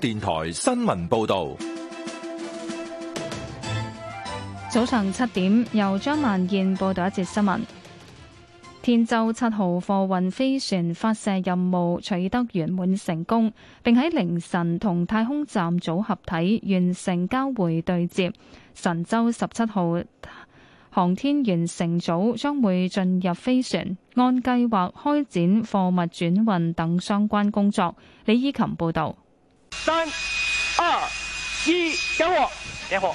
電台新聞報道，早上七點由張曼燕報道一節新聞。天舟七號貨運飛船發射任務取得圓滿成功，並喺凌晨同太空站組合體完成交會對接。神舟十七號航天員乘組將會進入飛船，按計劃開展貨物轉運等相關工作。李依琴報道。三、二、一，點火！點火！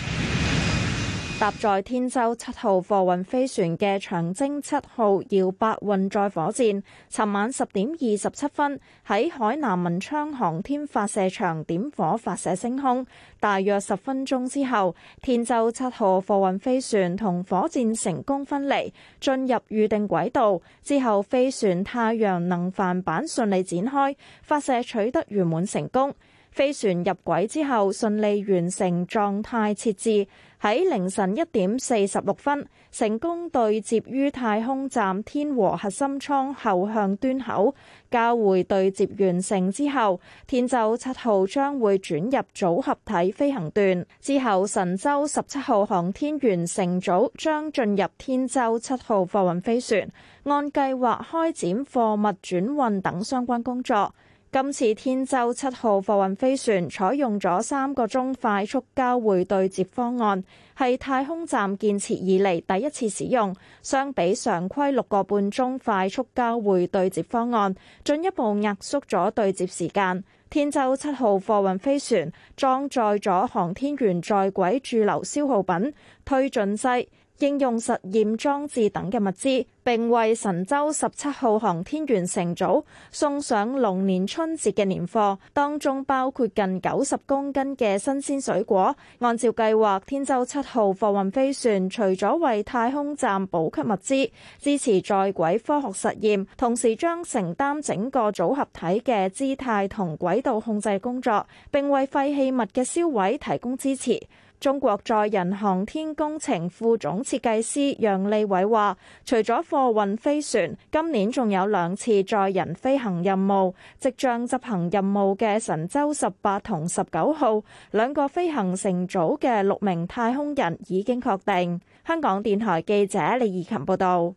搭載天舟七號貨運飛船嘅長征七號遙八運載火箭，尋晚十點二十七分喺海南文昌航天發射場點火發射升空。大約十分鐘之後，天舟七號貨運飛船同火箭成功分離，進入預定軌道，之後，飛船太陽能帆板順利展開，發射取得圓滿成功。飛船入軌之後順利完成狀態設置，喺凌晨一點四十六分成功對接於太空站天和核心艙後向端口。交會對接完成之後，天舟七號將會轉入組合體飛行段，之後神舟十七號航天員乘組將進入天舟七號貨運飛船，按計劃開展貨物轉運等相關工作。今次天舟七號貨運飛船採用咗三個鐘快速交匯對接方案，係太空站建設以嚟第一次使用。相比常規六個半鐘快速交匯對接方案，進一步壓縮咗對接時間。天舟七號貨運飛船裝載咗航天員在軌駐留消耗品、推進劑、應用實驗裝置等嘅物資，並為神舟十七號航天員乘組送上龍年春節嘅年貨，當中包括近九十公斤嘅新鮮水果。按照計劃，天舟七號貨運飛船除咗為太空站補給物資、支持在軌科學實驗，同時將承擔整個組合體嘅姿態同軌道控制工作，並為廢棄物嘅銷毀提供支持。中國載人航天工程副總設計師楊利偉話，除咗貨運飛船，今年仲有兩次載人飛行任務，即將執行任務嘅神舟十八同十九號兩個飛行乘組嘅六名太空人已經確定。香港電台記者李怡琴報道。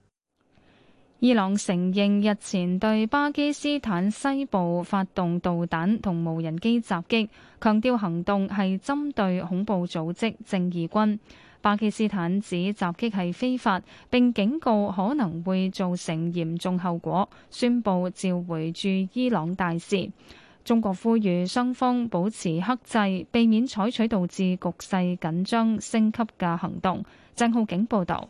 伊朗承認日前對巴基斯坦西部發動導彈同無人機襲擊，強調行動係針對恐怖組織正義軍。巴基斯坦指襲擊係非法，並警告可能會造成嚴重後果，宣布召回駐伊朗大使。中國呼籲雙方保持克制，避免採取導致局勢緊張升級嘅行動。鄭浩景報道。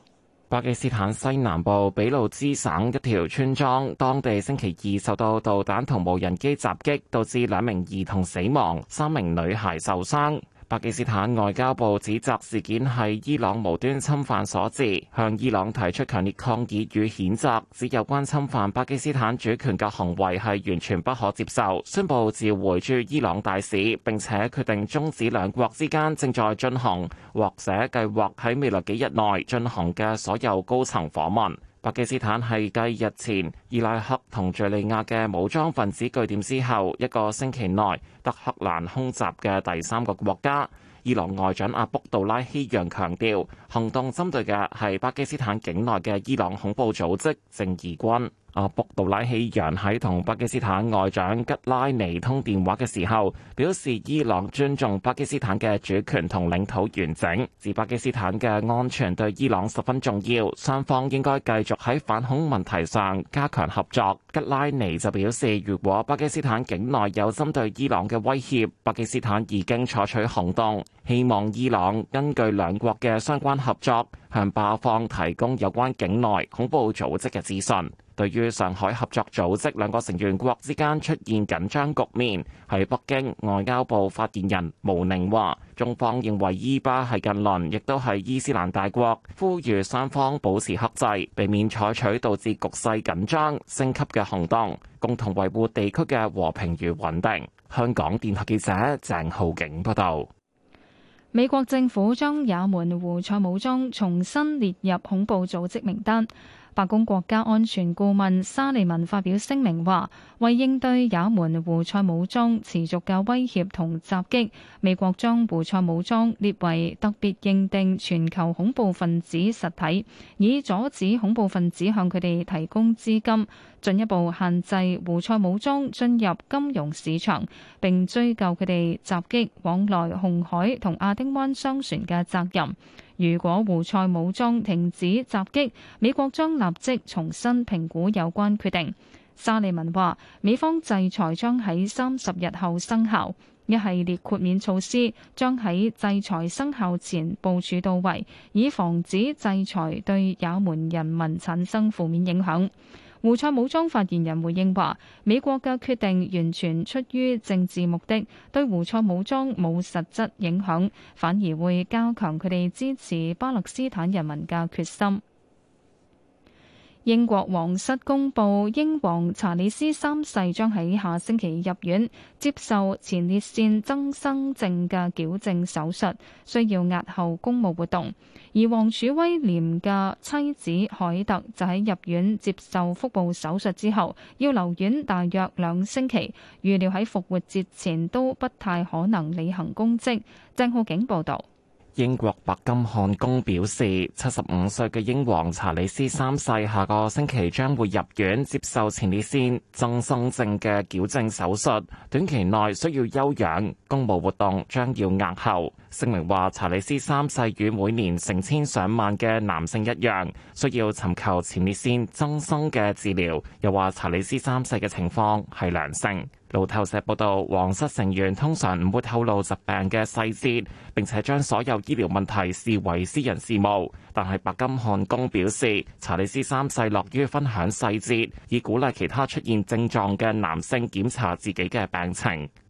巴基斯坦西南部俾路支省一條村莊，當地星期二受到導彈同無人機襲擊，導致兩名兒童死亡，三名女孩受傷。巴基斯坦外交部指責事件係伊朗無端侵犯所致，向伊朗提出強烈抗議與譴責，指有關侵犯巴基斯坦主權嘅行為係完全不可接受，宣布召回駐伊朗大使，並且決定終止兩國之間正在進行或者計劃喺未來幾日內進行嘅所有高層訪問。巴基斯坦係繼日前伊拉克同敘利亞嘅武裝分子據點之後，一個星期內德黑蘭空襲嘅第三個國家。伊朗外長阿卜杜拉希揚強調，行動針對嘅係巴基斯坦境內嘅伊朗恐怖組織正義軍。阿卜杜拉希揚喺同巴基斯坦外長吉拉尼通電話嘅時候，表示伊朗尊重巴基斯坦嘅主權同領土完整，指巴基斯坦嘅安全對伊朗十分重要，雙方應該繼續喺反恐問題上加強合作。吉拉尼就表示，如果巴基斯坦境內有針對伊朗嘅威脅，巴基斯坦已經採取行動，希望伊朗根據兩國嘅相關合作，向巴方提供有關境內恐怖組織嘅資訊。對於上海合作組織兩個成員國之間出現緊張局面，喺北京外交部發言人毛寧話，中方認為伊巴係近鄰，亦都係伊斯蘭大國，呼籲三方保持克制，避免採取導致局勢緊張升級嘅行動，共同維護地區嘅和平與穩定。香港電台記者鄭浩景報道，美國政府將也門胡塞武裝重新列入恐怖組織名單。白宮國家安全顧問沙利文發表聲明話，為應對也門胡塞武裝持續嘅威脅同襲擊，美國將胡塞武裝列為特別認定全球恐怖分子實體，以阻止恐怖分子向佢哋提供資金，進一步限制胡塞武裝進入金融市場，並追究佢哋襲擊往來紅海同亞丁灣商船嘅責任。如果胡塞武裝停止襲擊，美國將立即重新評估有關決定。沙利文話：美方制裁將喺三十日後生效，一系列豁免措施將喺制裁生效前部署到位，以防止制裁對也門人民產生負面影響。胡塞武裝發言人回應話：美國嘅決定完全出於政治目的，對胡塞武裝冇實質影響，反而會加強佢哋支持巴勒斯坦人民嘅決心。英國皇室公布，英皇查理斯三世將喺下星期入院接受前列腺增生症嘅矯正手術，需要押後公務活動。而王儲威廉嘅妻子凱特就喺入院接受腹部手術之後，要留院大約兩星期，預料喺復活節前都不太可能履行公職。鄭浩景報道。英國白金漢宮表示，七十五歲嘅英皇查理斯三世下個星期將會入院接受前列腺增生症嘅矯正手術，短期內需要休養，公務活動將要押後。聲明話，查理斯三世與每年成千上萬嘅男性一樣，需要尋求前列腺增生嘅治療。又話查理斯三世嘅情況係良性。路透社報道，王室成員通常唔會透露疾病嘅細節，並且將所有醫療問題視為私人事務，但係白金漢宮表示，查理斯三世樂於分享細節，以鼓勵其他出現症狀嘅男性檢查自己嘅病情。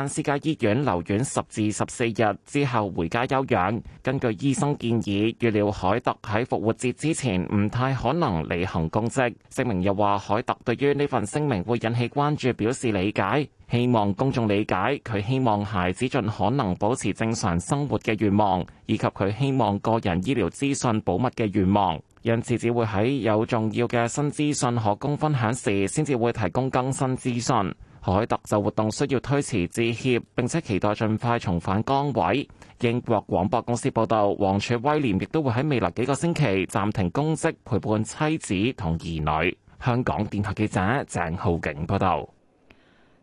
但私家醫院留院十至十四日之後回家休養。根據醫生建議，預料凱特喺復活節之前唔太可能履行公職。聲明又話，凱特對於呢份聲明會引起關注表示理解，希望公眾理解佢希望孩子盡可能保持正常生活嘅願望，以及佢希望個人醫療資訊保密嘅願望。因此只會喺有重要嘅新資訊可供分享時，先至會提供更新資訊。凱特就活動需要推遲致歉，並且期待盡快重返崗位。英國廣播公司報道，王儲威廉亦都會喺未來幾個星期暫停公職陪伴妻，妻子同兒女。香港電台記者鄭浩景報道。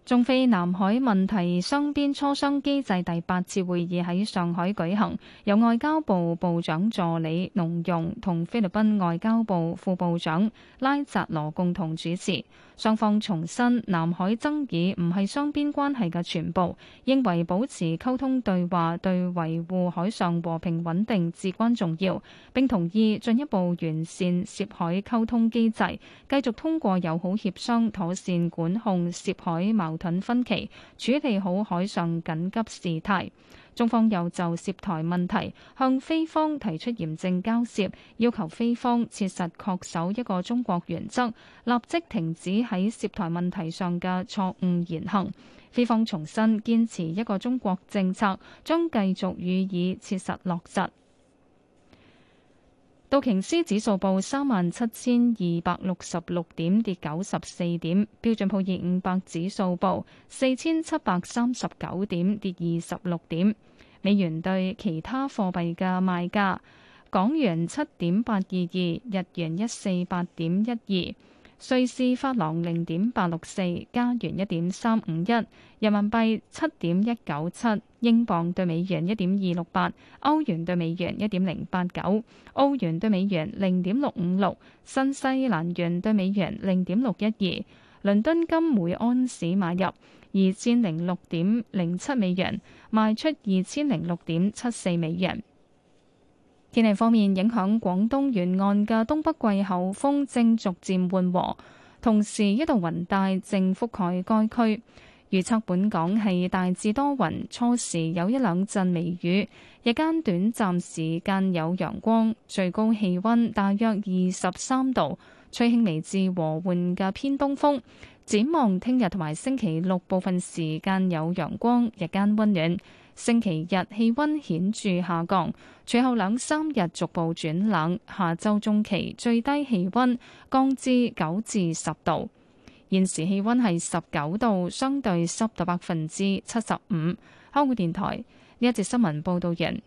中菲南海問題雙邊磋商機制第八次會議喺上海舉行，由外交部部長助理農融同菲律賓外交部副部長拉扎羅共同主持。雙方重申南海爭議唔係雙邊關係嘅全部，認為保持溝通對話對維護海上和平穩定至關重要，並同意進一步完善涉海溝通機制，繼續通過友好協商妥善管控涉海矛盾分歧，處理好海上緊急事態。中方又就涉台問題向菲方提出嚴正交涉，要求菲方切實確守一個中國原則，立即停止喺涉台問題上嘅錯誤言行。菲方重申堅持一個中國政策，將繼續予以切實落實。道瓊斯指數報三萬七千二百六十六點，跌九十四點。標準普爾五百指數報四千七百三十九點，跌二十六點。美元對其他貨幣嘅賣價：港元七點八二二，日元一四八點一二。瑞士法郎零點八六四，加元一點三五一，人民幣七點一九七，英鎊兌美元一點二六八，歐元兌美元一點零八九，歐元兌美元零點六五六，新西蘭元兌美元零點六一二，倫敦金每安士買入二千零六點零七美元，賣出二千零六點七四美元。天氣方面，影響廣東沿岸嘅東北季候風正逐漸緩和，同時一道雲帶正覆蓋該區。預測本港係大致多雲，初時有一兩陣微雨，日間短暫時間有陽光，最高氣溫大約二十三度，吹輕微至和緩嘅偏東風。展望聽日同埋星期六部分時間有陽光，日間溫暖。星期日氣温顯著下降，隨後兩三日逐步轉冷。下周中期最低氣温降至九至十度。現時氣温係十九度，相對濕度百分之七十五。香港電台呢一節新聞報道人。